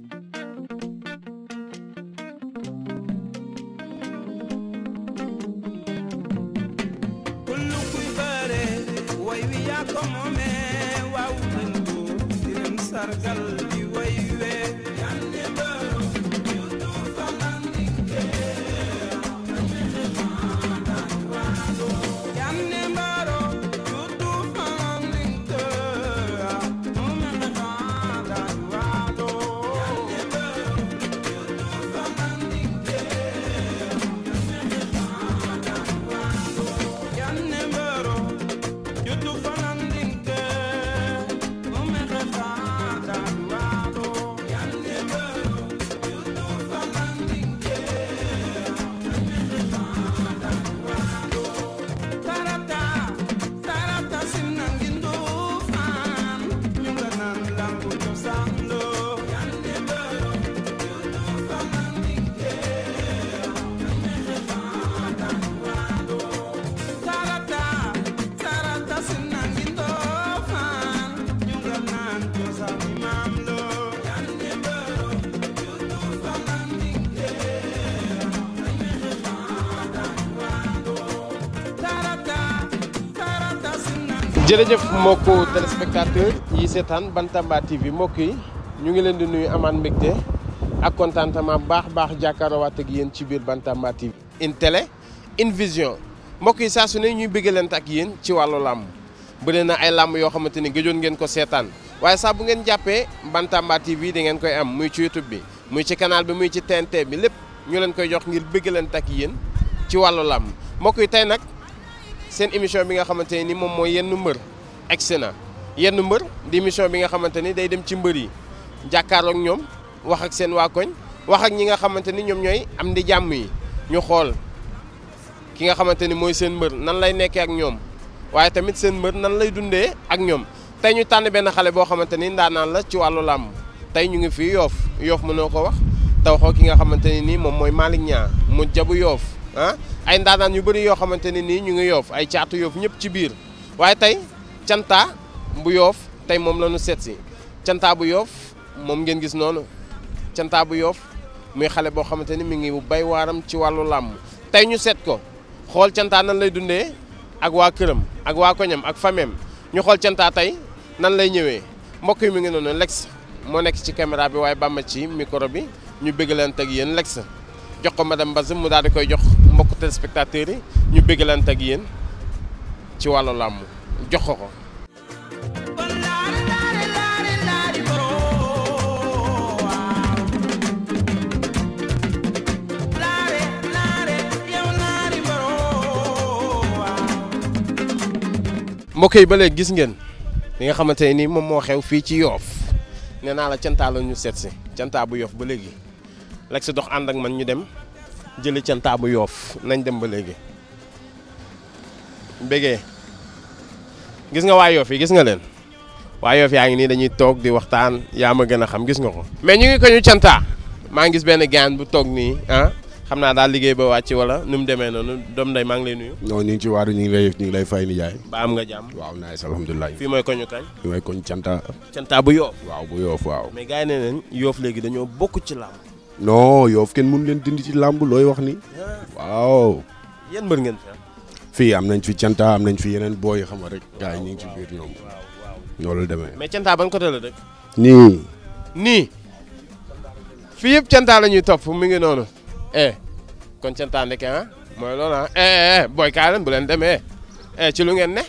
thank you jërëjëf mbokku téléspectateur yi seetaan Bantamba TV mbokk yi ñu ngi leen di nuyu amaan mbégte ak contentement baax baax jàkkaarowaat ak yéen ci biir Bantamba TV une télé une vision mbokk yi saa ne ñuy bëggalante ak yéen ci wàllu làmb bëri na ay làmb yoo xamante ni gëjoon ngeen ko seetaan waaye saa bu ngeen jàppee Bantamba TV da ngeen koy am muy ci YouTube bi muy ci canal bi muy ci TNT bi lépp ñu leen koy jox ngir bëggalante ak yéen ci wàllu làmb mbokk yi tey nag. seen émission bi nga xamante nii moom mooy yenn mbër egsi na yenn mbër di émission bi nga xamante ni day dem ci mbër yi jàkkaarloog ñoom wax ak seen waa wax ak ñi nga xamante ni ñoom ñooy am di jàmm yi ñu xool ki nga xamante ni mooy seen mbër nan lay nekkee ak ñoom waaye tamit seen mbër nan lay dundee ak ñoom tey ñu tànn benn xale boo xamante ni ndaanaan la ci wàllu làmb tey ñu ngi fii yoof yoof noo ko wax taw ki nga xamante ni nii moom mooy Malick mu jabu yoof ah ay ndaanaan yu bëri yoo xamante ne nii ñu ngi yoof ay caatu yoof ñëpp ci biir waaye tey cantaa bu yoof tey moom lañu ñu seet si cantaa bu yoof moom ngeen gis noonu cantaa bu yoof muy xale boo xamante ni mi ngi bay waaram ci wàllu làmm tey ñu seet ko xool cantaa nan lay dundee ak waa këram ak waa koñam ak fameem ñu xool cantaa tey nan lay ñëwee mbokk yi mi ngi noonu lex moo nekk ci caméra bi waaye ma ci micro bi ñu bëgg leen teg yéen lex jox ko madame Mbaz mu daal di koy jox mbokk yi ñu bëggalante yéen ci wàllu làmb jox ko ko. mbokk yi ba léegi gis ngeen li nga xamante ne nii moom moo xew fii ci yoof nee naa la cantaa la ñu seet si cantaa bu yoof ba léegi lak si dox ànd ak man ñu dem jëli cantaa bu yoof nañ dem ba léegi bégee gis nga waa yoof yi gis nga leen waa yoof yaa ngi nii dañuy toog di waxtaan yaa ma gën a xam gis nga ko mais ñu ngi ko cantaa maa ngi gis benn gaan bu toog nii ah xam naa daal liggéey ba wàcc wala nu mu demee noonu doom nday maa ngi lay nuyu non ñu ngi ci waaru ñu ngi lay ñu ngi fay ni ba am nga jàmm waaw naa yees alhamdulilah fii mooy koñu kañ fii mooy koñ canta canta bu yoof waaw bu yoof waaw mais gars léegi dañoo bokk ci làmb non Yoff kenn mun leen dindi ci làmb looy wax ni waaw. yéen mbër ngeen fi ah? fii am nañ fi canta am nañ fi yeneen booy xam rek. gars yi ñu ngi ci biir ñoom. loolu demee. mais canta ban côté la dëkk. nii. nii. fii yëpp canta la ñuy topp mi ngi noonu. eh kon canta ndeke ah mooy loolu ah eh, eh, eh, booy kaay leen bu leen demee ci lu ngeen ne.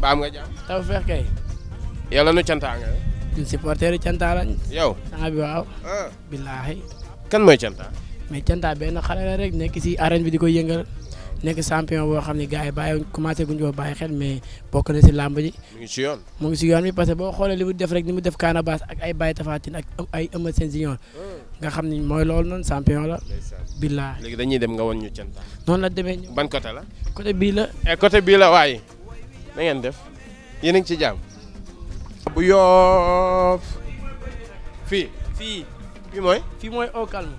ba nga jàmm. taw feex kay. yàlla nu canta ñun supporter yi canta lañ. yow sang bi waaw. Ah. billaahi. kan mooy canta. mais canta benn xale la rek nekk si arène bi di ko yëngal nekk champion boo xam ne gars yi bàyyi commencé guñ ko bàyyi xel mais bokk na si làmb ji. mu ngi si yoon mu ngi si yoon bi parce que boo xoolee li mu def rek ni mu def Canabasse ak ay Baye Tafatine ak ay Eumeu Sène Junior ah. nga xam ni mooy loolu noonu champion la. billaahi léegi dañuy dem nga woon ñu canta. noonu la demee ñu. ban côté la. côté bii la. Eh, côté bii la waaye na ngeen def yéen a ngi ci jàmm. bu yoof fii fii fii mooy fii mooy au calme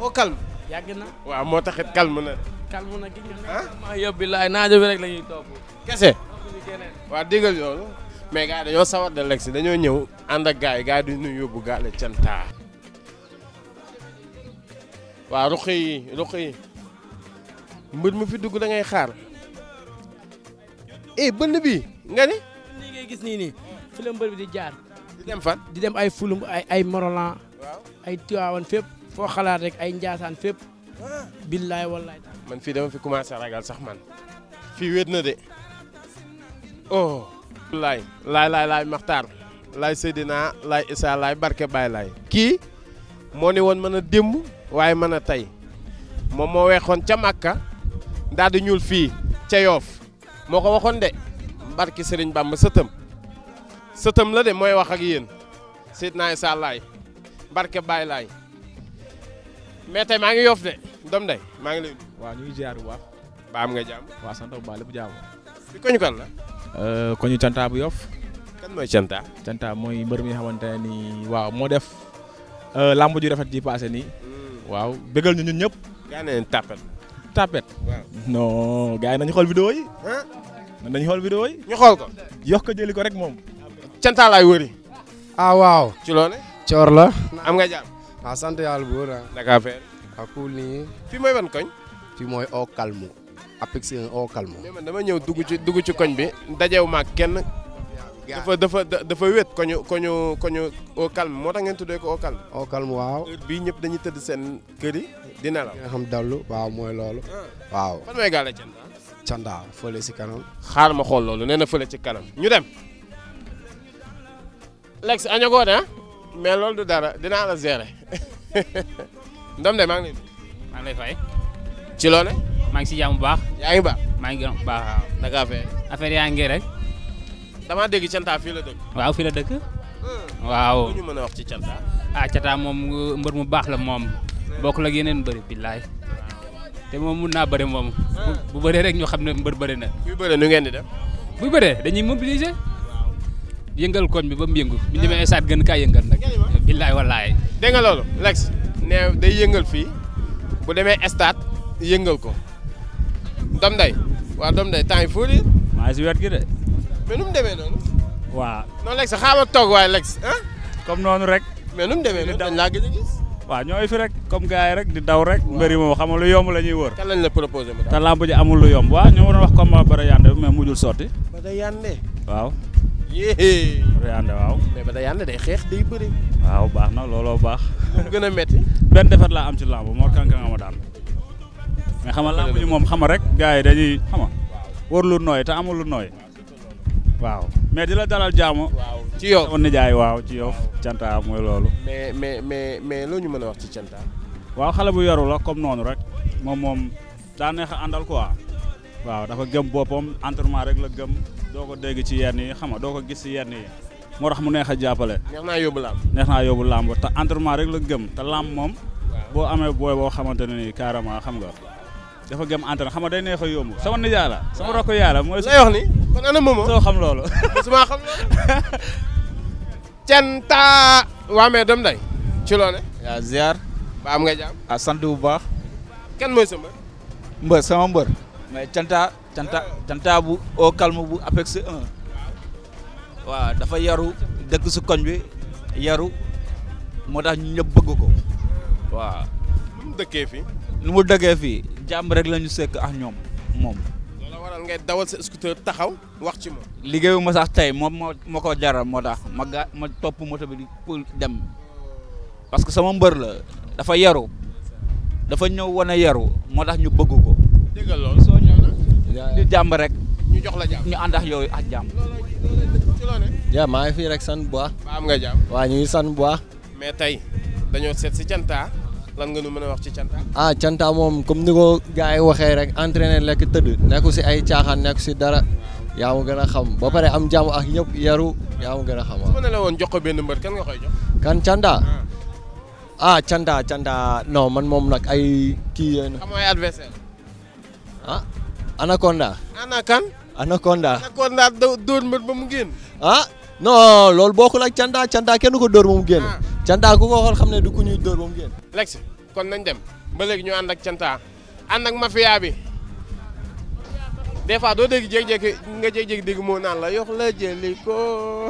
au calme yàgg na waaw moo taxit calme na calme na gi nga ma yóbbi laay naajo bi rek lañuy ñuy topp kese waaw déggal yoonu mais gars yi dañoo sawar de dañoo ñëw ànd ak gars yi gars yi du ñu yóbbu gaale cantaa waaw ruq yi mbër mu fi dugg dangay xaar eh bënn bi nga ni. nii ngay gis nii nii. fi mbër bi di jaar. di dem fan di dem ay fulum ay ay ay Tiwaawan fépp foo xalaat rek ay Njaasaan fépp. Ah. billaay wallaay. man fii dama fi commencé ragal sax man. fii wéet na de. oh. laay laay laay laay Maxtaar laay Seydina laay Issa laay Barke Baay laay kii moo ne woon mën a démb waaye mën a tey moom moo weexoon ca Makka daal di ñuul fii ca Yoof moo ko waxoon de barke Serigne Bamba sëtam sëtam la de mooy wax ak yéen seet naa sa laay barke Baye laay mais maa ngi yof de dom de maa ngi lay. waaw ñu jaar ziar bu baax. ba am nga jàmm. waaw sant bu baax lépp jàmm. fi koñ euh, koñu canta bu yof. kan mooy canta. canta mooy mbër mi nga xamante ne nii waaw moo def euh, làmb ju rafet ji paase nii. Hmm. waaw bëggal ñu ñun ñëpp. gaa ne tapet. tapet. waaw non gars yi nañu xool vidéo yi. nañu xool vidéo yi. ñu xool ko. yox ko jëli ko rek moom. canta laay wëri. ah waaw. ci loone coor la. am nga jàmm. waaw sant yàlla bu wër ah. nii. fii mooy ban koñ. fii mooy au calme. Apex au calme. mais ñëw dugg ci dugg ci koñ bi dajew ma ak kenn. dafa dafa dafa wét koñu koñu moo tax ngeen tuddee ko au calme. au calme waaw. heure bii ñëpp dañuy tëdd seen kër yi di nelaw. nga xam dallu waaw mooy loolu. Ah. waaw fan fële si kanam. xaar ma xool loolu nee na fële ci kanam ñu dem. lex añagoo de ah? mais loolu du dara dinaa la gérer ndom de maa ngi lay. maa ngi fay. ci maa ngi si jàmm bu baax. yaa ngi baax maa ngi bu baax waaw. da ngaa fee. affaire yaa ngi rek. dama dégg Canta fii la dëkk. waaw fii la dëkk. Hmm. waaw ñu a wax ci Canta. ah moom mbër mu baax la moom. Hmm. bokk ak yeneen bëri billaay. Hmm. te moom mun naa bëri moom. bu bëree rek ñu xam ne mbër bëri na. buy bëree nu ngeen di def. yëngal koñ bi ba mu yëngu bu ñu demee stade gën kaa yëngal nag billaay wallaay dégg nga loolu lex nee day yëngal fii bu demee stade yëngal ko dom day waa dom day temps yi foo lii maa si wet gi de mais nu mu demee noonu waaw noonu lex xaaral toog waaye lex ah comme noonu rek mais nu mu demee a gis waaw ñooy fi rek comme gars rek di daw rek mbëri moom xam lu yomb la ñuy wër kan lañ la proposé te lamb ji amul lu yomb waaw ñoo waroon wax comme Bada Yandé mais mujjul sotti waaw yee. waaw. mais ba day xeex day bëri. baax na looloo baax. mu gën a benn defar laa am ci làmb moo Kang Kang ama daan mais xama làmb ñu moom xama rek gars yi dañuy xama war lu nooy te amul lu nooy. waaw mais di la dalal jaamu. ci yow sama nijaay waaw ci yow. canta mooy loolu. mais mais mais mais ñu mën a wax ci canta. waaw xale bu yaru la comme noonu rek moom moom daa neex a àndal quoi. waaw dafa gëm boppam entrement rek la gëm. doo ko dégg ci yenn yi xam nga doo ko gis ci yenn yi moo rax mu neex a jàppale. neex naa yóbbu làmb. neex naa yóbbu làmb te entraînement rek la gëm te làmb moom. boo amee booy boo xamante ne nii carrément xam nga dafa gëm entraînement xam nga day neex a yóbbu sama nijaay la sama rakk yaay la mooy. lay wax ni kon moom soo xam loolu. mosuma xam loolu. Centa. waa mais dem day ci loone yaa ziar. ba am nga jàmm. ah sant bu baax. kenn mooy sa mbër. sama mbër. mais Centa tanta tanta bu au calme bu apex 1 waaw dafa yaru dëkk si koñ bi yaru moo tax ñu ñëpp bëgg ko waaw. nu mu dëkkee fii. nu mu dëkkee fii jàmm rek la ñu sekk ak ñoom moom. loolu waral ngay dawal sa taxaw wax ci liggéeyu ma sax tey moom moo ma ko jaral moo tax ma ga ma topp moto bi pour dem parce que sama mbër la dafa yaru dafa ñëw wane yaru moo tax ñu bëgg ko. ñu jàmm rek. ñu jox la jàmm ñu ànd ak yooyu ak jàmm. ja maa ngi fii rek sant bu am nga jàmm. waa ñu ngi sant bu baax. mais tey dañoo seet si canta lan nga nu mën a wax ci canta. ah canta moom comme ni ko gars yi waxee rek entraîner lekk tëdd. nekku si ay caaxaan nekku si dara. yaa ma gën a xam ba pare am jàmm ak ñëpp yaru yaa gën a xam waaw. su woon jox ko benn mbër kan kan canta. ah, ah canta canta man moom nag ay kii. xam nga ah. Anaconda. ana kan. Anaconda. Anaconda dóor mbër ba mu génn. ah non loolu bokkul ak Canda Canda kenn ko dóor ba mu génn. Ah. Canda ku ko xool xam ne du ku ñuy dóor ba mu génn. lex kon nañ dem ba léegi ñu ànd ak Canda ànd mafia bi des fois doo dégg jékki-jékki nga jékki-jékki dégg moo naan la yox la jëli ko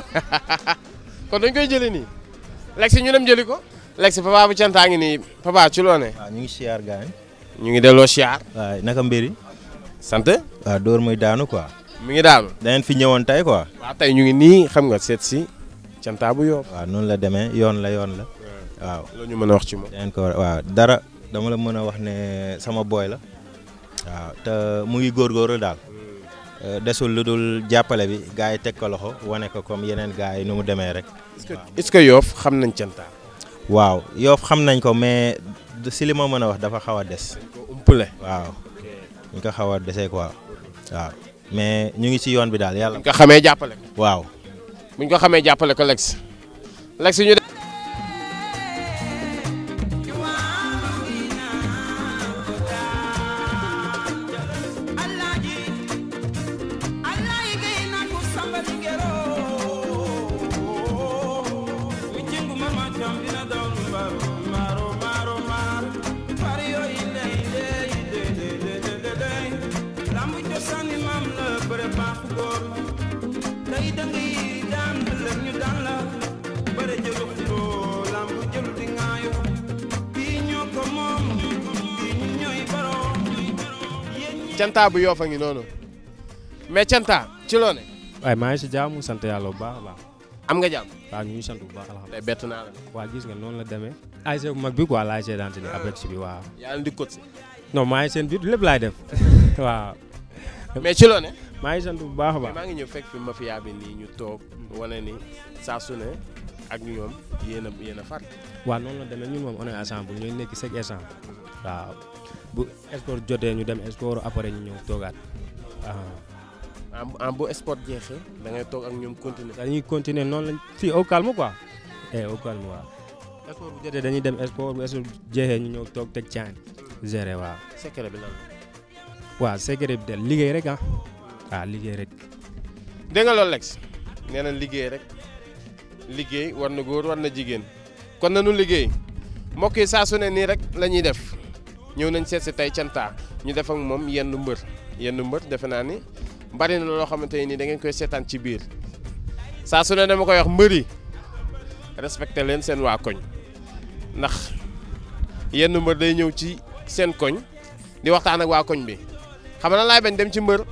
kon dañ koy jëli nii lex ñu dem jëli ko. lex papa bu Canda ngi nii papa ci ah, ñu ngi siyaar ñu ngi delloo siyaar. waaw mbir yi sant. waaw ah, dóor muy daanu quoi. mu ngi daanu. da ngeen fi ñëwoon tey quoi. waaw tey ñu ngi nii xam nga seet si. Canta bu Yoff. waaw noonu la demee yoon la yoon la. waaw loo ñu mën a wax ci moom. da dara dama la mën a wax ne sama booy la. waaw te mu ngi góorgóorlu daal. Hmm. Euh, desul lu dul jàppale bi gars yi teg ko loxo wane ko comme yeneen gars yi nu mu demee rek. est-ce que est xam nañ Canta. waaw Yoff xam nañ ko mais si li ma mën a wax dafa xaw a des. ko umpale waaw. ñu ko xaw a dese quoi waaw mais ñu ngi si yoon bi daal yàlla. ñu ko xamee jàppale. waaw. bu ñu ko xamee jàppale ko Lex. Canta bu Yoff ngi noonu mais Canta ci loo ne. maa ngi si jaamu sant yàlla bu baax a baax. am nga jàmm. waaw ñu ngi sant bu baax alhamdulilah. tey bett naa waa gis nga noonu la demee. ASC bu mag bi quoi la ASC Dantiny APEX ah. bi waaw. di coach si. maa seen lépp laay def waaw. mais ci loo maa ngi sant bu baax a baax. maa ngi ñëw fekk fi mafia bi nii ñu toog wane ni saa su ne ak ñoom yéen a yéen a far. waaw noonu la demee ñun moom on est ensemble ñooy nekk chaque instant waaw. bu sport jotee ñu dem sport après ñu ñëw toogaat waaw. Ah. Ah, bu sport jeexee da ngay toog ak ñoom continuer. dañuy continuer noonu lañ fii au calme quoi. eh au calme waaw. sport bu jotee dañuy dem sport bu sport jeexee ñu ñëw toog teg caan gérer waaw. secret bi lan waaw secret bi de liggéey rek ah. waaw hmm. ah, liggéey rek. dégg Lex nee na liggéey rek liggéey war na góor war na jigéen kon nanu liggéey mbokk yi saa su ne nii rek la ñuy def. ñëw nañ seet si tey Canta ñu def ak moom yenn mbër yenn mbër defe naa ni bari na loo xamante ne ni da ngeen koy seetaan ci biir saa su ne dama koy wax mbër yi respecté leen seen waa koñ ndax yenn mbër day ñëw ci seen koñ di waxtaan ak waa koñ bi xam na laay bañ dem ci mbër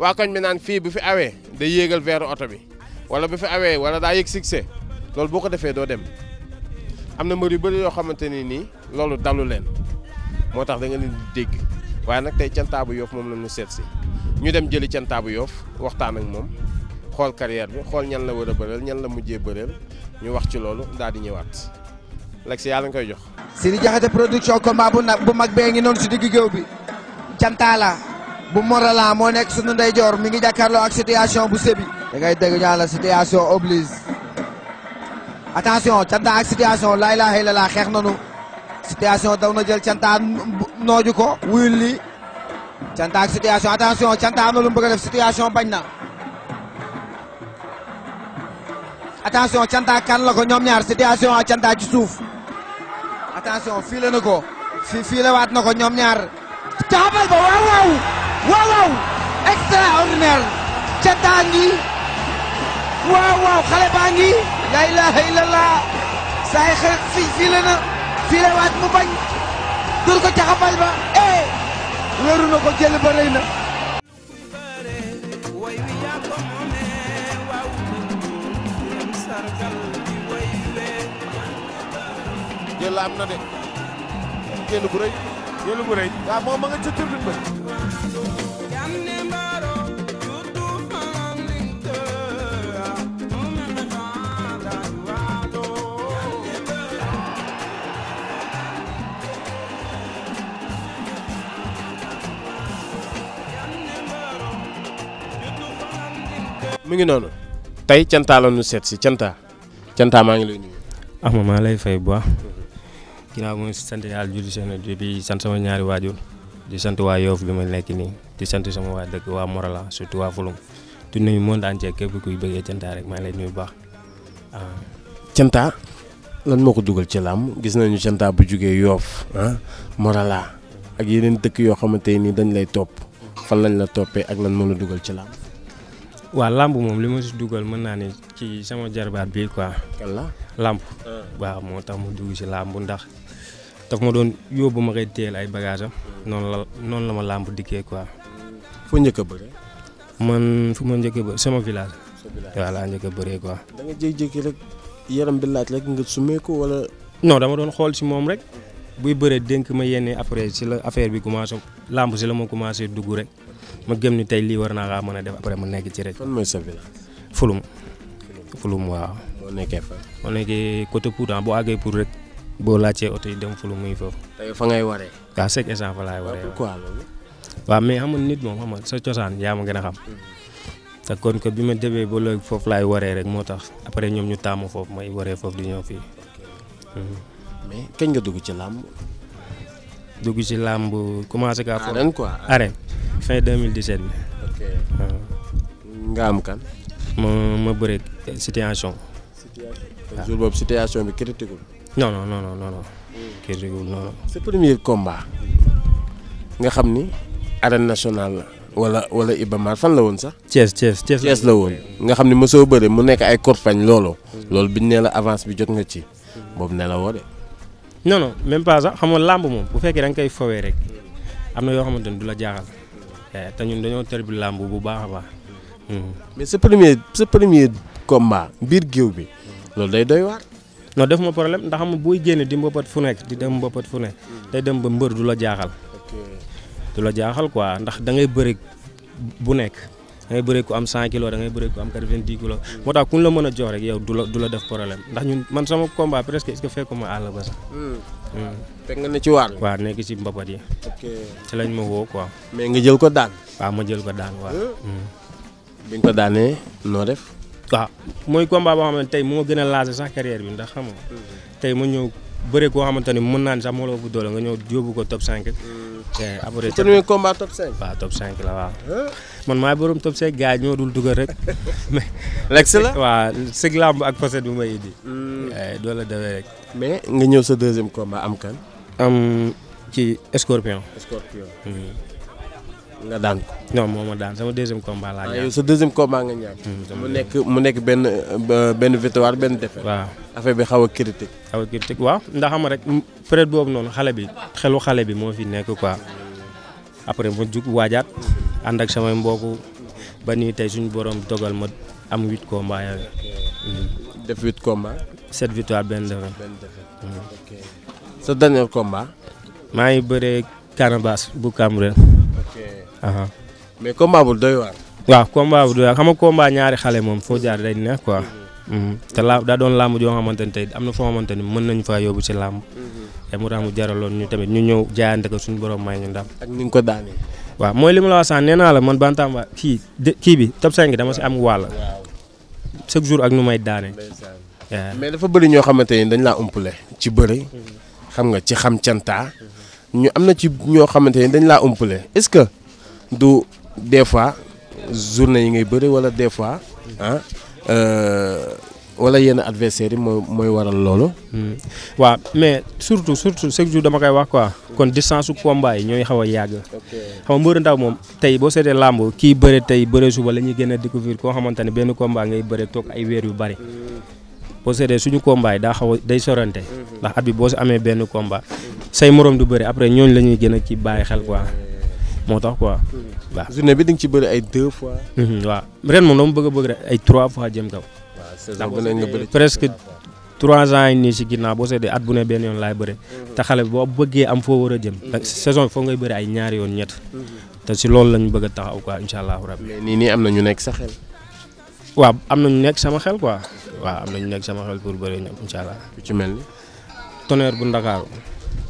waa koñ bi naan fii bu fi awee day yéegal veeru oto bi wala bu fi awee wala daa yëg succès loolu boo ko defee doo dem am na mbër yu bari yoo xamante ne nii loolu dalu leen. moo tax danga nga di dégg waaye nag tey cantaabu yoof moom la ñu seet si ñu dem jëli cantaabu yoof waxtaan ak moom xool carrière bi xool ñan la war a bëreel ñan la mujjee bëreel ñu wax ci loolu daal di ñëwaat lex yàlla nga koy jox. Sidi Diakhaté production combat bu nag bu mag bee ngi noonu si diggu géew bi cantaala bu Morala moo nekk sunu ndeyjoor mi ngi jàkkaarloo ak situation bu sébi da ngay dégg ñaan la situation oblige attention canta situation laa xeex nanu situation daw na jël cantaan nooju ko wuyul li canta ak situation attention canta am na def situation bañ na attention canta kan la ko ñoom ñaar situation a canta ci suuf attention fii ko fii na ko ñoom ñaar taabal ba waaw waaw waaw waaw extraordinaire canta ngi xale baa ngi la ilaha illallah saay xel file waat mu bañ dur ko caxabal ba eh wéru ko jël ba rëy na jël am na de jël bu rëy jël bu rëy waaw moom ma nga ca turbin ba mu ngi noonu tey Thianta la seet si Thianta Thianta maa ngi lay nuyu. Axma ah, maa lay fay bu baax. ginnaaw mu sant yàlla julli seen bi sant sama ñaari waajur di sant waa Yoff li ma nekk nii di sant sama waa dëkk waa Morala surtout waa Fulum di nuyu monde entier képp kuy bëggee Thianta rek maa lay nuyu bu baax. Thianta ah. lan moo ko dugal ci làmb gis nañu Thianta bu jugee Yoff ah Morala ak yeneen dëkk yoo xamante nii dañ lay topp fan lañ la toppee ak lan moo la dugal ci làmb. waa làmb moom li ma si dugal mën naa ne ci sama jarbaat bi quoi. la làmb ah. waaw moo tax ma dugg si làmb ndax daf ma doon yóbbu ma koy teel ay bagage am. noonu la noonu la ma làmb dikkee quoi. fu njëkk a man fu ma njëkk a sama village. sa village waaw laa njëkk a bëree quoi. da nga jékki rek yaram bi laaj rek nga sumee ko wala. non dama doon xool si moom rek. buy bëree dénk ma yenn après si la affaire bi commencé làmb si la ma commencé dugg rek ma gëm ni tey lii war naa laa mën a def après ma nekk ci rek. fan mooy sa village. Fulum. Fulum waaw. moo nekkee fa. moo nekkee côté Poutan boo àggee pour rek boo laajtee oto yi dem Fulum muy foofu. fa ngay waree. waaw chaque instant fa laay waree. waaw mais xam nit moom xam sa cosaan yaa ma gën a xam. Mm-hmm. te kon ko bi ma demee boo léegi foofu laay waree rek moo tax après ñoom ñu taamu foofu may waree foofu di ñëw fii. Mm-hmm. mais kañ nga dugg ci làmb. dugg ci làmb commencé. gaa foofu arène quoi arène fin 2017 bi. ok nga am kan. ma ma bëri situation. situation jour boobu bi critique wul. non non non non non. critique wul non premier combat nga xam ni arène national la. wala wala Iba Mar fan la woon sax. Thiès Thiès Thiès la woon nga xam ne mosoo bëri mu nekk ay korfañ mm. loolu. loolu bi nee la avance bi jot nga ci. Mm. boobu ne la woo de. non non même pas sax xam nga làmb moom bu fekkee da nga koy fowee rek am na yoo xamante ni du la jaaxal eh, te ñun dañoo tër bi làmb bu baax a baax. Hmm. mais sa premier sa premier combat biir géew bi loolu day doy waar. noo def ma problème ndax xam booy buy di mboppat fu nekk di dem mbëppat fu nekk day dem ba mbër du la jaaxal. du la jaaxal ko ndax da ngay bëri bu nekk. da ngay bëre ku am kilos da ngay bëre ku am 90 kilos moo tax la mën a jox rek yow du la du la def problème ndax ñun man sama combat presque est-ce que hmm. Hmm. nga ne ci waar. waaw nekk ci mbapat yi. ok ci lañ ma woo quoi. mais nga jël ko daan. waaw ma jël ko daan waaw. Hmm. bi nga ko daanee noo def. waaw mooy combat boo xam ne tey moo gën a laajee sax carrière bi ndax xam nga tey ma ñëw bëre koo xamante ni mën naa ne sax moo la ëpp doole nga ñëw yóbbu ko top 5. Eh, après. premier combat top 5. waaw top 5 la waaw. man maay borom tam say gars ñoo dul dugal rek. lekk si waaw sëg làmb ak facette bi may indi. Hmm. Eh, mais nga ñëw sa deuxième combat am kan. am ci Scorpion. Scorpion. Hmm. nga daan ko. non moo ma daan sama deuxième combat laa ah, ñaan. sa deuxième combat nga ñaan. Hmm, mu nekk mu nekk benn benn victoire benn défaite. waaw affaire bi xaw a critique. xaw a critique waaw ndax xam rek peut boobu noonu xale bi xelu xale bi moo fi nekk quoi après mu jug waajaat. ànd ak samay mbokk ba nii tey suñu boroom dogal ma am huit combats yooyu. def huit benn défaite. benn défaite ok combat. maa ngi bëree Canabasse bu Cameroun. ok bu doy waar. waaw combat bu doy waar xam nga combat ñaari xale moom foo jaar day neex quoi. Mhm. te laa daa doon làmb joo xamante ne tey am na foo xamante ni mën nañu faa yóbbu ci làmb. Mhm. te mu tax mu jaraloon ñu tamit ñu ñëw jaayante ko suñu borom may ñu ndam. ak ko daanee. waaw mooy li ma la wax sànq nee naa la man Bantamba kii kii bi top gi dama si am wàll. chaque jour ak nu may daane. mais dafa bëri ñoo xamante ni dañ laa umpale ci bëri. xam nga ci xam cantaa. ñu am na ci ñoo xamante ni dañ laa umpale est-ce que du des fois journée yi ngay bëri wala des fois ah, euh, wala yenn adversaires yi mooy mooy waral loolu. Hmm. waaw mais surtout surtout chaque jour dama koy wax quoi. kon distance su combat yi ñooy xaw a yàgg. xam nga mbëru ndaw moom tey boo seetee làmb kii bëre tey bëre suba la ñuy gën a découvrir koo xamante ne benn combat ngay bëre toog ay weer yu bari. Hmm. boo seetee suñu combat daa xaw a day sorante. Hmm. ndax at bi boo si amee benn combat. say morom du bëri après ñooñu la ñuy gën a kii bàyyi xel quoi. moo tax quoi. waaw ne bi di nga ci bëri ay deux fois. waaw ren moom dama bëgg bëgg rek ay jëm kaw. yàgg nañ la bëri presque trois ans yi nii si ginnaaw boo seetee at bu ne benn yoon laay bëre. Mhm. te xale bi boo bëggee am foo war a jëm. Mhm. saison foo ngay bëri ay ñaari yoon ñett. Mhm. te si loolu lañ bëgg a taxaw ko incha allah rabbi. mais nii nii am na ñu nekk sa xel. waaw am na ñu nekk sama xel quoi. waaw am na nekk sama xel pour bëri ñoom incha allah. ku ci mel ni. tonnerre bu ndakaaru.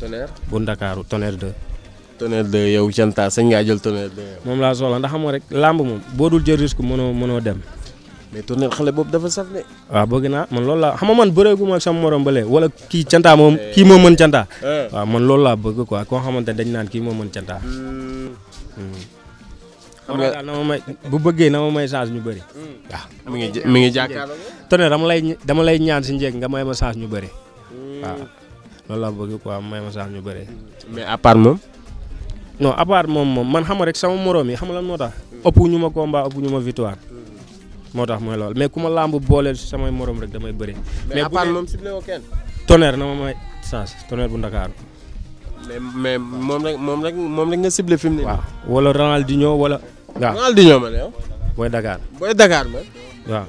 tonnerre bu ndakaaru tonnerre 2. tonnerre 2 yow jantaa sañ ngaa jël tonnerre 2. moom laa soxla ndax xam nga rek làmb moom boo dul jël risque mënoo mënoo dem. mais tournel xale boobu dafa bëgg naa man loolu laa xam nga man bëreeguma ak sama kii cantaa moom eh. kii moo mën cantaa. Eh. waaw loolu laa bëgg quoi koo xamante dañ naan kii moo mën cantaa. Hmm. Hmm. xam nga bu bëggee na ma may ñu bëri. Hmm. waaw mi ngi mi ngi jàkkaarloo. tonnerre dama lay ñaan si njëkk nga may ma chance ñu bëri. waaw loolu laa bëgg quoi may ma chance ñu bëri. mais à moom. non à moom man xam rek sama morom yi xam lan ëpp ñu ma combat ëpp ñu ma victoire. moo tax mooy loolu mais ku ma làmb booleel si samay morom rek damay bëri. mais à part moom ciblé na ma may chance tonnerre bu Ndakaaru. mais mais moom rek moom rek moom rek nga ciblé fi mu ne. waaw wala Ronaldinho wala. waaw Ronaldinho man yow. booy Dakar. booy Dakar man. waaw.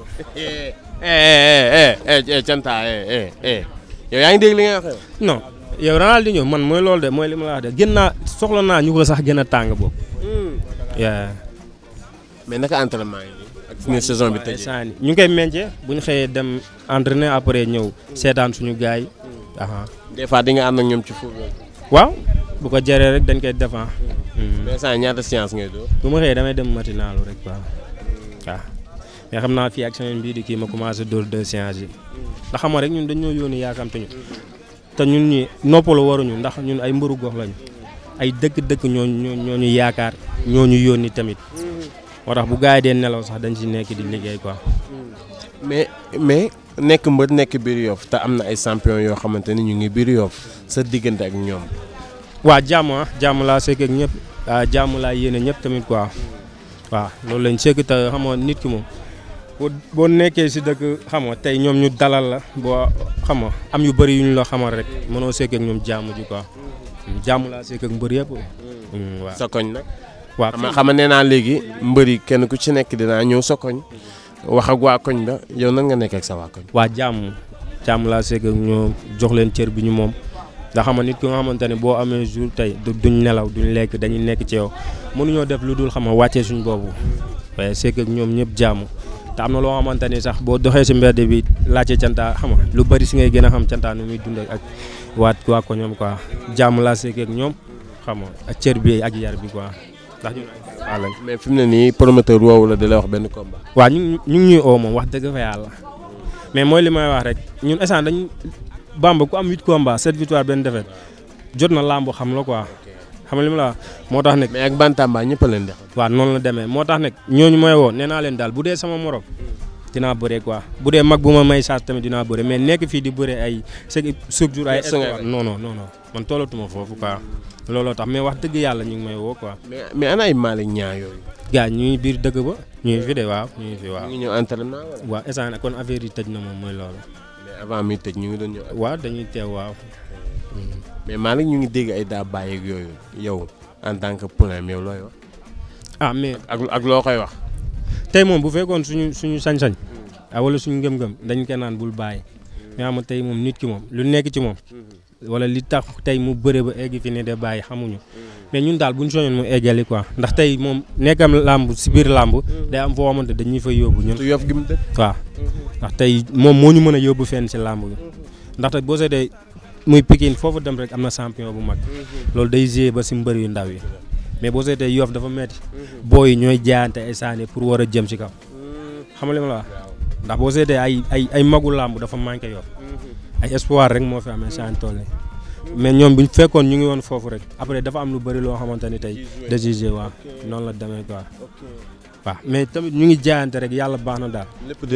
yaa ngi dégg li nga wax non yow Ronaldinho man mooy loolu de mooy li ma la de gën naa soxla naa ñu ko sax gën a tàng boobu. Hmm. mais fu ñu saison bi tëjee ñu ngi koy meññee bu ñu xëyee dem entraîner après ñëw seetaan suñu gars yi. des fois di nga ànd ak ñoom ci foofu waaw bu ko jëree rek dañ koy defar. Hmm. mais saa ñaata séance ngay dóor. bu ma xëyee damay dem matinalu rek waa waaw mais xam naa fi ak semaine bii di kii ma commencé dóor de séances yi ndax xam rek ñun dañoo yónni yaakamte ñu te ñun ñi noppalu waruñu ndax ñun ay mbëru gox lañu ay dëkk-dëkk ñoo ñooñu yaakaar ñooñu yónni tamit. moo tax bu gars yi dee nelaw sax dañ si nekk di liggéey quoi. mais mais nekk mbët nekk biir Yoff te am na ay champion yoo xamante ni ñu ngi biir Yoff sa diggante ak ñoom. waa jàmm ah jàmm laa sekk ak ñëpp laa yéene ñëpp tamit quoi waaw loolu lañ sekk te xam nga nit ki moom boo nekkee si dëkk xam tey ñoom ñu dalal la boo xam am yu bëri yu ñu la xamal rek mënoo sekk ñoom jàmm ji quoi mm, jàmm laa sekk ak mbër yëpp. Mm, waaw waaw xam xama nee naa léegi mbër yi kenn ku ci nekk dinaa ñëw sa koñ wax ak waa koñ ba yow nan nga nekk ak sa waa koñ. waa jàmm jàmm laa seeg ak jox leen cër bi ñu moom nga xam nit ki xamante ne boo amee jour tey duñ nelaw duñ lekk dañuy nekk ci yow mënuñoo def lu dul xam nga wàccee suñ boobu waaye seeg ak ñoom ñëpp jàmm te na loo xamante ni sax boo doxee si mbedd bi laajte canta xam lu bari si ngay gën a xam canta nu dundee ak waat waa ko ñoom jàmm laa seeg ñoom xam nga ak cër bi ak yar bi quoi. ndax ñun waaw ah, lañ mais fi mu ne nii promoteur woowu la di la wax benn komba waa ñu ñu ngi ñuy oo moom wax dëgg fa yàlla mais mooy li may wax rek ñun instant dañ Bamba ku am huit combats sept victoire benn défaite jot na làmb xam la xam nga li ma la wax moo tax nag. mais ak Bantamba ñëpp leen def. waaw noonu la demee moo tax nag ñooñu mooy woo nee naa leen daal bu dee sama morom. dinaa bëre quoi bu dee mag bu ma may chance tamit dina bëre mais nekk fii di bëre ay chaque jour ay espoir non non man tollatuma foofu quoi looloo tax mais wax dëgg yàlla ñu ngi may woo quoi. mais mais ana ay maale ñaa yooyu. ñu ngi biir dëgg ba ñu ngi ñu ngi fi waaw. ñu ngi ñëw entraînement wala. waaw instant nag yi tëj na moom mooy loolu. mais avant muy ñu ngi doon ñëw. waaw dañuy teew hmm. mais Malick ñu ngi dégg ay daa bàyyi yooyu yow en tant que poulain yow looy wax. ah mais ak ak loo koy wax. tey moom bu fekkoon suñu suñu sañ-sañ ah, wala suñu ngëm-ngëm dañ koy naan bul bàyyi mais xam tey moom nit ki moom lu nekk ci moom wala li tax tey mu bëre ba egg fi ne de bàyyi xamuñu mais ñun daal buñ soñoon mu eggali quoi ndax tey moom nekkam làmb si biir làmb day am foo xamante dañuy fa yóbbu ñun waaw ndax tey moom moo ñu mën a yóbbu fenn si làmb bi ndaxte boo seetee muy Pikine foofu dem rek am na champion bu mag mhm. loolu day gérer ba si mbër yu ndaw yi mais boo seetee yoof dafa metti booy ñooy jaayante ay saani pour war a jëm si kaw. xam nga ma la ndax boo seetee ay ay ay magu làmb dafa manqué yoof ay espoir rek moo fi am amee saani tool ni mais ñoom bu ñu fekkoon ñu ngi woon foofu rek après dafa am lu bëri loo xamante ni tey déjugé waaw noonu la demee quoi waaw mais tamit ñu ngi jaayante rek yàlla baax na daal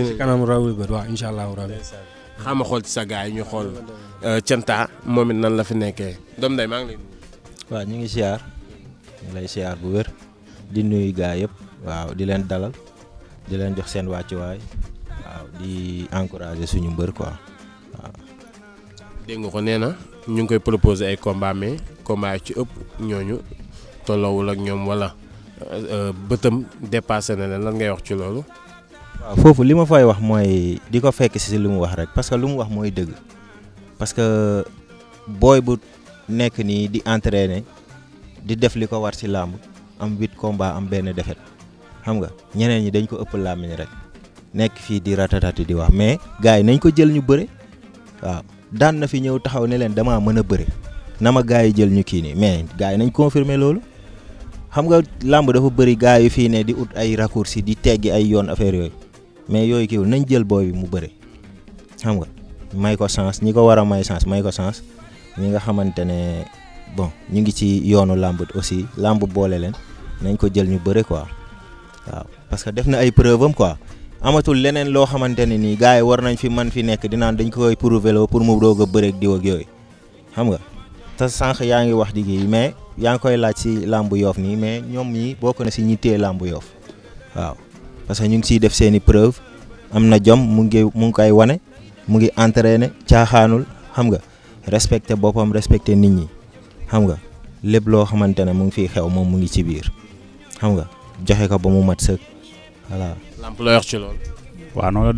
ci kanam rawul bët waaw incha allahu xam xama xool ci sa gars yi ñu xool Canta euh, moom it nan la fi nekkee doom maa ngi lay waaw ñu ngi siyaar ñu lay siyaar bu wér di nuyu gaa yëpp waaw di leen dalal di leen jox seen wàccuwaay waaw di encourager suñu mbër quoi waaw. dégg nga ko nee na ñu ngi koy proposer ay combat mais ci ëpp ñooñu tolloowul ak ñoom wala euh, euh, bëtam dépassé na leen lan ngay wax ci loolu. waaw foofu li ma fay wax mooy di ko fekk si li mu wax rek parce que lu mu wax mooy dëgg parce que booy bu nekk nii di entraîner di def li ko war si làmb am huit combat am benn défaite xam nga ñeneen ñi dañ ko ëpp làmmiñ rek nekk fii di ratatati di wax mais gars yi nañ ko jël ñu bëre waaw daan na fi ñëw taxaw ne leen damaa mën a bëre na ma gars yi jël ñu kii nii mais gars yi nañ confirmer loolu xam nga làmb dafa bëri gars yi fii ne di ut ay raccourci di teggi ay yoon affaire yooyu mais yooyu kiiw nañ jël booy bi mu bëre xam nga may ko sens ñi ko war a may sens may ko sens ñi nga xamante ne bon ñu ngi ci yoonu làmb aussi làmb boole leen nañ ko jël ñu bëre quoi waaw parce que def na ay preuve am quoi amatul leneen loo xamante ne nii gars yi war nañ fi man fi nekk dinaan naan dañ koy prouver loo pour mu doog a bëreeg diw yooyu xam nga te sànq yaa ngi wax digg mais yaa ngi koy laaj si làmb yoof nii mais ñoom ñi bokk na si ñi téye làmb yoof waaw parce que ñu ngi siy def seen i preuve am na jom mu ngi mu ngi koy wane mu ngi entraîné caaxaanul xam nga respecté boppam respecté nit ñi. xam nga lépp loo xamante ne mu ngi fiy xew moom mu ngi ci biir xam nga joxe ko ba mu mat sëkk voilà. lamp la wax ci loolu. waaw noonu la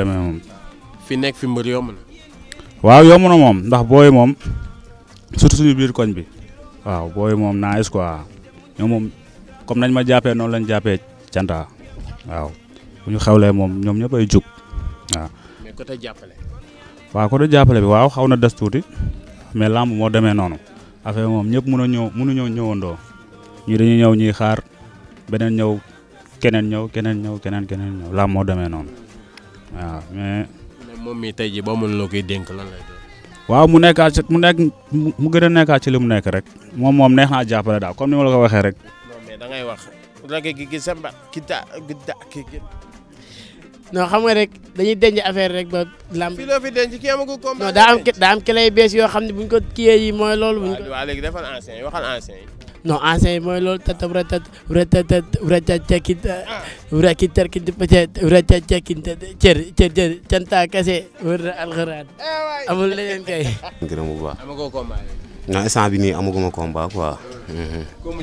demee ah nekk fi mbër yomb na. waaw yomb na moom ndax booy moom surtout suñu biir koñ bi. waaw booy moom naaj quoi ñoom moom comme nañ ma jàppee noonu lañ jàppee canta waaw bu ñu xewlee moom ñoom ñëpp ay jug waaw. mais côté jàppale. jàppale bi waaw xaw na des tuuti. mais làmb moo demee noonu affaire moom ñëpp mën a ñëw mënuñoo ñëwandoo ñu dañuy ñëw ñuy xaar beneen ñëw keneen ñëw keneen ñëw keneen keneen ñëw làmb moo demee noonu waaw mais. moom mii tey jii ba mu la koy dénk lan lay waaw mu nekkaat ci mu nekk mu gën nekkaat ci li mu nekk rek moom moom neex naa jàppale daal comme ni ma la ko waxee rek. non mais da ngay non xam nga rek dañuy denc affaire rek ba. lamb fi loo fi denc bees yoo xam ne buñ ko kiiyee yi mooy loolu. buñ ko waaw léegi defal ancien yi waxal ancien yi. non ancien yi mooy loolu tatam ratat ratatat ratatakinta rakitarkinta ratatakinta cër cër cër canta kese wër na alxuraan eh, amul leneen kay. gërëm bu baax amagoo combat non bi nii amaguma combat quoi. koo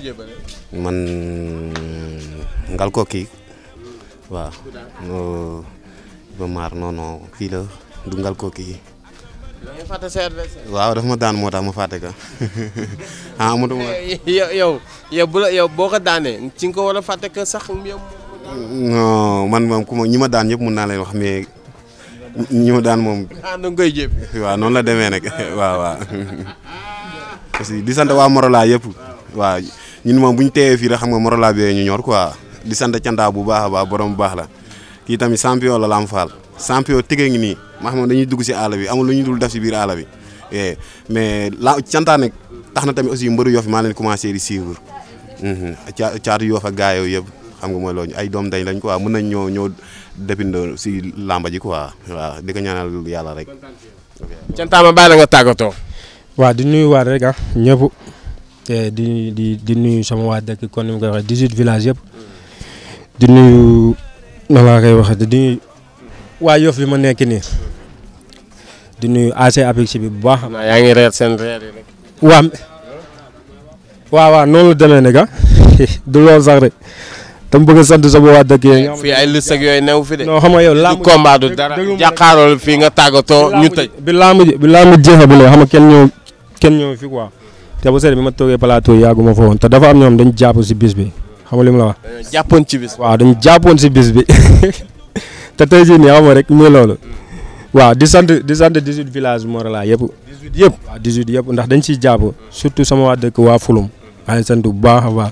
man ngal ko waaw Iba Maar non non kii la dungal ko kii. waaw dafa ma daan moo tax ma fàtte ka ah eh, yow yow boo ko daanee ci nga ko war a fàtte ka sax. non man moom ñi ma daan yëpp mun naa leen wax mais ñi daan moom. ah noonu la demee nag waaw waaw. parce que di sant waa Morola yëpp. waaw ñun moom bu ñu teewee fii rek xam nga Morola bee ñu ñor quoi. di sant cantaa bu baax ba borom bu baax la kii tamit champion la Lam Fall champion tëgg ngi nii maa xam dañuy dugg si àll bi amul lu ñu dul def si biir àll bi eh, mais la cantaa nag tax na tamit aussi mbëru Yoff maa leen commencé di suivre mhm. caa caatu Yoff ak yëpp xam nga mooy loolu ay doom dañ lañ ko mën nañ ñoo ñoo dépendre si làmba ji quoi waaw di ko ñaanal yàlla rek. cantaa ma bàyyi la nga tàggatoo. waaw di nuyuwaat rek ah ñëpp eh, di di di nuyu sama waa dëkk kon ni ma ko waxee 18 villages yëpp. di nuyu na laa koy waxee di nuyu waa Yoff bi ma nekk nii di nuyu AC APEX bi bu baax. yaa ngi reer seen reer yi rek. waaw waaw waaw noonu la demee nag ah. du loolu sax rek dama bëgg a sant sama waa dëkk yi. fii ay liste fi de. xam nga yow laamu du combat fii nga tàggatoo ñu tëj. bi laamu bi laamu jeexagul xam nga kenn ñëw kenn ñëw fi quoi te bu seet bi ma toogee plateau yàggu ma te dafa am ñoom dañ jàpp si bis bi. xam nga li mu la wax. dañoo jàppoon ci bis. waaw dañu si bis bi te tey jii rek muy loolu. Mm. waaw di sant di sant 18 village Morala yëpp. 18 yëpp di 18 yëpp ndax dañ siy jàpp surtout sama waa dëkk waa sant bu baax a baax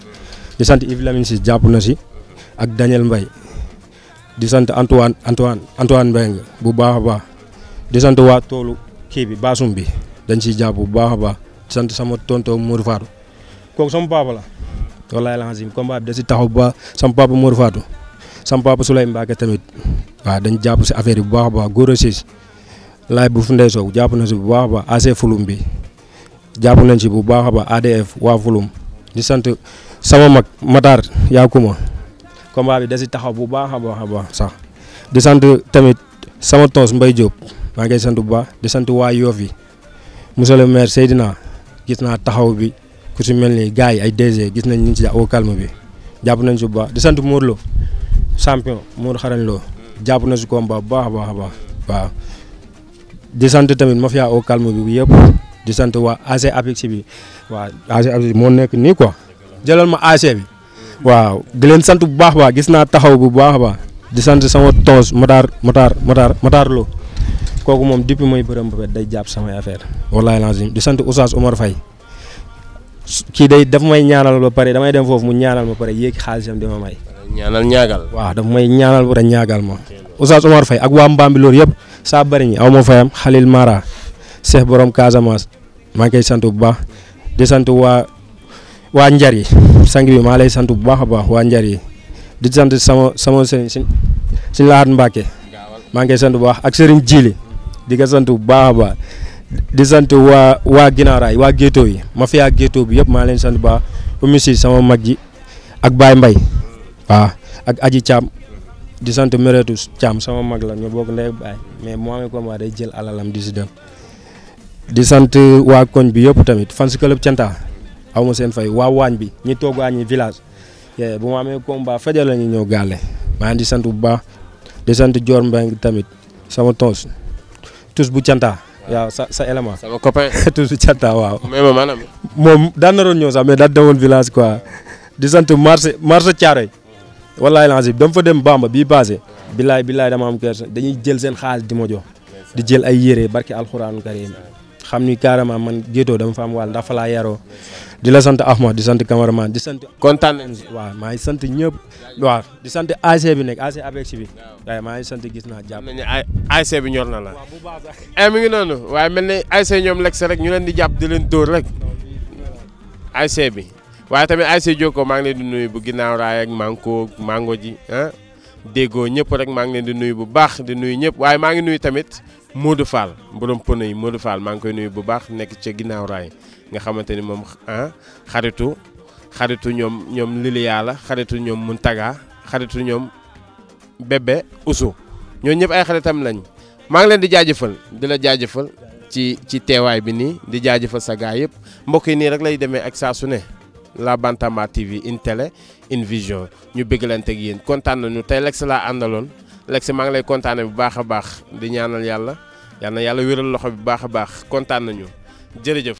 di sant Yves si jàpp na si ak Daniel Mbaye di sant Antoine Antoine Antoine Mbengue bu baax a baax di sant waa toolu kii bi baasum bi dañ siy jàpp bu baax a baax di sant sama tonto Mourou Fadou kooku sama papa la. wallaay lancim combat bi da si taxaw ba sama papa Mor Fatou sama papa tamit waaw dañ jàpp si affaire yi bu baax a baax góor a bu fu jàpp na si bu baax a baax AC bi jàpp nañ si bu baax a baax ADF di sant sama mag Matar Yakouma combat bi da si taxaw bu baax a baax a baax sax di sant tamit sama toos Mbaye Diop maa ngi sant bu baax di sant waa Yoff yi monsieur le maire Seydina gis naa taxaw bi. ku si mel nii gars yi ay DG gis nañ ñu ci au calme bi jàpp nañ si bu baax di sant Modou Lo champion Modou Xarañ Lo jàpp na si combat bu baax a baax a baax waaw di sant tamit mafia au calme bi yëpp di sant waa AC Apix bi waaw AC Apix moo nekk nii ko jëlal ma AC bi waaw di leen sant bu baax baax gis naa taxaw bu baax a di sant sama toos Matar Matar Matar Matar Lo kooku moom depuis mooy bërëm ba day jàpp samay affaire wallahi lazim di sant Oustaz Omar fay kii day daf may ñaanal ba pare damay dem foofu mu ñaanal ba pare yéeg xaalisam di ma may. ñaanal ñaagal. waaw daf may ñaanal ba pare ñaagal ma. Oustaz Omar Faye ak waa Mbambi loolu yëpp saa bari ñi aw ma fayam Khalil Mara Cheikh borom Casamance maa ngi koy sant bu baax di sant waa waa Njar yi sang lay sant bu baax a baax waa Njar yi di sant sama sama si si Lahat maa ngi koy sant bu baax ak sëriñ Jili di sant bu baax a baax. di sant waa waa ginaaraay waa gétto yi ma fi ak bi yëpp maa leen sant ba umu si mag ji ak Baye Mbay waaw ak Aji di sant Meretu Thiam mag la ñu bokk ndey mais moo jël alalam di sant waa koñ bi yëpp tamit fan si club Canta aw ma seen fay bi ñi togg añi village bu ma amee combat fajar la ñu ñëw gàlle maa ngi di sant bu baax di sant Dior Mbengue tamit sama tons tous bu Canta waaw sa sa élément. sama copain toujours Thianta ah, waaw. mais moom maanaam. moom daan na doon ñëw sax mais daan demoon village quoi di sant marché marché Thiaroye. walaay lancé bi dama fa dem Bamba bii passé. billaay billaay dama am kersa dañuy jël seen xaalis di ma jox. di jël ay yére barki alxuraanu karim xam ni carrément man Gétto dama fa am wàll ndax fa laa yaroo di la sant Ahmad di sant cameraman di sant. kontaan nañu waaw maa ngi sant ñëpp. waaw di sant AC bi nekk AC APEX bi. waaw maa ngi sant gis naa jàpp. nañu AC bi ñor na la. bu baax sax. Eh, mi ngi noonu waaye mel ni AC ñoom lekk rek ñu leen di jàpp di leen dóor rek. AC bi waaye tamit AC Jokko maa ngi leen di nuyu bu ginnaaw raay ak manko mango ji ah déggoo ñëpp rek maa ngi leen di nuyu bu baax di nuyu ñëpp waaye maa ngi nuyu tamit. Modou Fall borom pono yi Modou Fall maa ngi koy nuyu bu baax nekk ca ginnaaw raay nga xamante ni moom ah xaritu xaritu ñoom ñoom Liliya la xaritu ñoom mun Muntaga xaritu ñoom Bébé uso ñoo ñëpp ay xaritam lañ maa ngi leen di jaajëfal di la jaajëfal ci ci teewaay bi nii di jaajëfal sa gaa yëpp mbokk yi nii rek lay demee ak saa su ne la Bantamba TV une télé une vision ñu bëggalante ak yéen kontaan ñu tey lex laa àndaloon. Lex maa ngi lay kontaane bu baax a baax di ñaanal yàlla yal na yàlla wéral loxo bi bu baax a baax kontaan nañu jërëjëf.